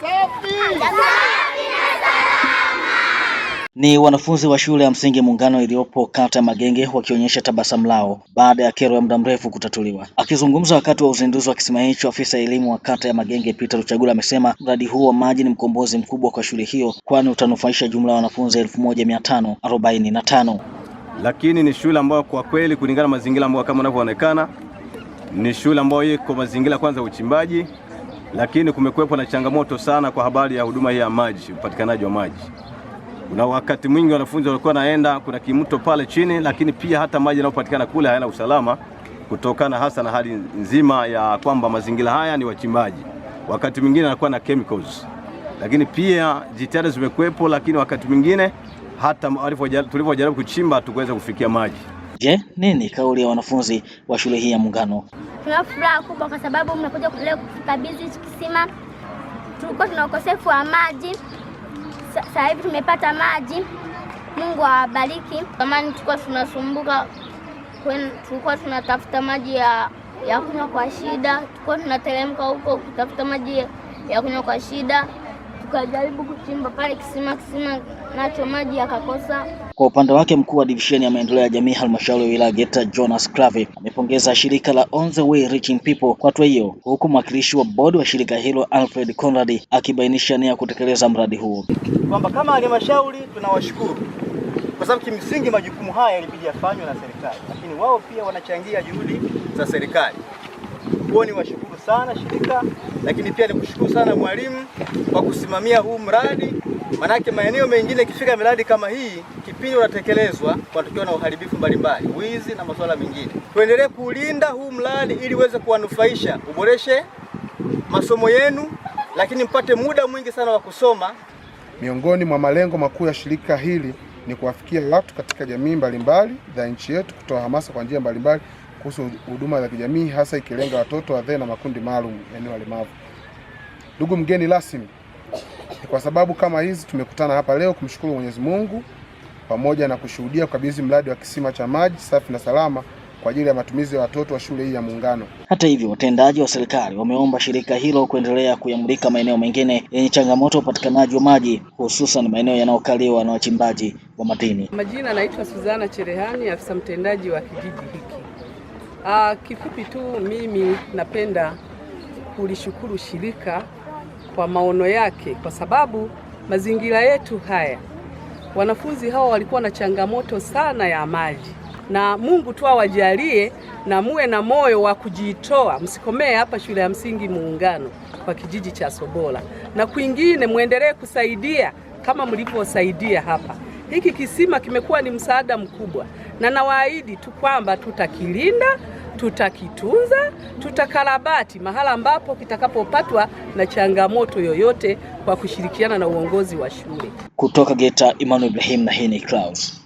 safi na salama. Ni wanafunzi wa shule ya msingi Muungano iliyopo kata Magenge wakionyesha tabasamu lao baada ya kero ya muda mrefu kutatuliwa. Akizungumza wakati wa uzinduzi wa kisima hicho, afisa elimu wa kata ya Magenge Peter Luchagula amesema mradi huu wa maji ni mkombozi mkubwa kwa shule hiyo, kwani utanufaisha jumla ya wanafunzi elfu moja mia tano arobaini na tano lakini ni shule ambayo kwa kweli kulingana na mazingira ambayo kama unavyoonekana ni shule ambayo iko mazingira kwanza ya uchimbaji lakini kumekuwepo na changamoto sana kwa habari ya huduma hii ya maji, upatikanaji wa maji. Kuna wakati mwingi wanafunzi walikuwa naenda, kuna kimto pale chini, lakini pia hata maji yanayopatikana kule hayana usalama, kutokana hasa na hali nzima ya kwamba mazingira haya ni wachimbaji, wakati mwingine anakuwa na chemicals. Lakini pia jitihada zimekuwepo, lakini wakati mwingine hata tulivyojaribu kuchimba hatukuweza kufikia maji. Je, nini kauli ya wanafunzi wa shule hii ya Muungano? Tuna furaha kubwa kwa sababu mnakuja leo kutukabidhi kisima. Tulikuwa tuna ukosefu wa maji, sasa hivi tumepata maji. Mungu awabariki. Zamani tulikuwa tunasumbuka, tulikuwa tunatafuta maji ya, ya kunywa kwa shida, tulikuwa tunateremka huko kutafuta maji ya kunywa kwa shida, tukajaribu kuchimba pale kisima, kisima nacho maji yakakosa. Kwa upande wake mkuu wa divisheni ya maendeleo ya jamii halmashauri ya wilaya Geita Jonas Clave amepongeza shirika la On the Way Reaching People kwa hatua hiyo, huku mwakilishi wa bodi wa shirika hilo Alfred Conrad akibainisha nia ya kutekeleza mradi huo, kwamba kama halmashauri tunawashukuru kwa sababu kimsingi majukumu haya yalibidi yafanywe na serikali, lakini wao pia wanachangia juhudi za serikali. Huo ni washukuru sana shirika, lakini pia nikushukuru sana mwalimu kwa kusimamia huu mradi. Manake maeneo mengine ikifika miradi kama hii, kipindi unatekelezwa kunatokea na uharibifu mbalimbali, wizi na masuala mengine. Tuendelee kulinda huu mradi ili uweze kuwanufaisha, uboreshe masomo yenu, lakini mpate muda mwingi sana wa kusoma. Miongoni mwa malengo makuu ya shirika hili ni kuwafikia watu katika jamii mbalimbali za nchi yetu, kutoa hamasa kwa njia mbalimbali kuhusu huduma za kijamii, hasa ikilenga watoto, wazee na makundi maalum, eneo walemavu. Ndugu mgeni rasmi ni kwa sababu kama hizi tumekutana hapa leo kumshukuru Mwenyezi Mungu pamoja na kushuhudia kukabidhi mradi wa kisima cha maji safi na salama kwa ajili ya matumizi ya watoto wa shule hii ya Muungano. Hata hivyo, watendaji wa serikali wameomba shirika hilo kuendelea kuyamulika maeneo mengine yenye changamoto ya upatikanaji wa maji hususan maeneo yanayokaliwa na wachimbaji wa madini. Majina naitwa Suzana Cherehani, afisa mtendaji wa kijiji hiki. Aa, ah, kifupi tu mimi napenda kulishukuru shirika kwa maono yake, kwa sababu mazingira yetu haya, wanafunzi hawa walikuwa na changamoto sana ya maji, na Mungu tu awajalie na muwe na moyo wa kujitoa, msikomee hapa shule ya msingi Muungano kwa kijiji cha Sobola, na kwingine muendelee kusaidia kama mlivyosaidia hapa. Hiki kisima kimekuwa ni msaada mkubwa, na nawaahidi tu kwamba tutakilinda tutakitunza, tutakarabati mahala ambapo kitakapopatwa na changamoto yoyote kwa kushirikiana na uongozi wa shule. Kutoka Geita, Emmanuel Ibrahim na hii ni Clouds.